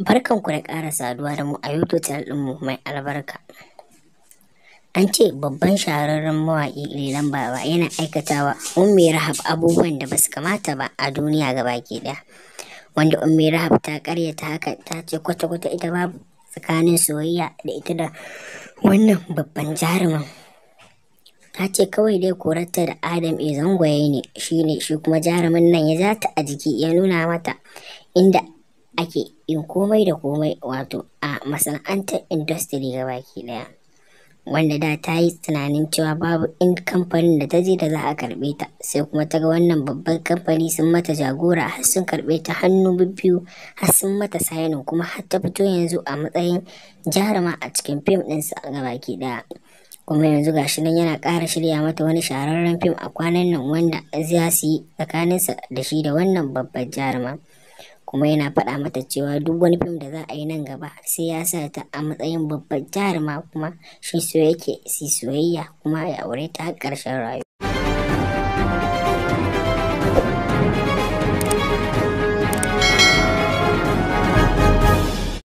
barkan ku da ƙara saduwa da mu a YouTube channel ɗinmu mai albarka. An ce babban shahararren mawaƙi Lilan Baba yana aikatawa Ummi Rahab abubuwan da basu kamata ba a duniya gaba ke ɗaya. Wanda Ummi Rahab ta ta haka ta ce kwata-kwata ita babu tsakanin soyayya da ita da wannan babban jaruman. ta ce kawai dai korarta da adam e zangwaye ne shi ne shi kuma jarumin nan ya zata a jiki ya nuna mata inda ake yin komai da komai wato a masana'antar industry gabaki daya wanda da ta yi tunanin cewa babu in kamfanin da ta je da za a karbe ta sai kuma ta ga wannan babban kamfani sun mata jagora har sun karbe ta hannu biyu har sun mata sayano kuma har ta fito yanzu a matsayin jaruma a cikin fim ɗinsu a gabaki daya kuma yanzu gashi nan yana ƙara shirya mata wani shahararren fim a kwanan nan wanda za su yi tsakaninsa da shi da wannan babban jaruma. kuma yana faɗa mata cewa duk wani fim da za a yi nan gaba sai ya sa ta a matsayin babbar jaruma kuma shi so yake si soyayya kuma ya aure ta har ƙarshen rayuwa.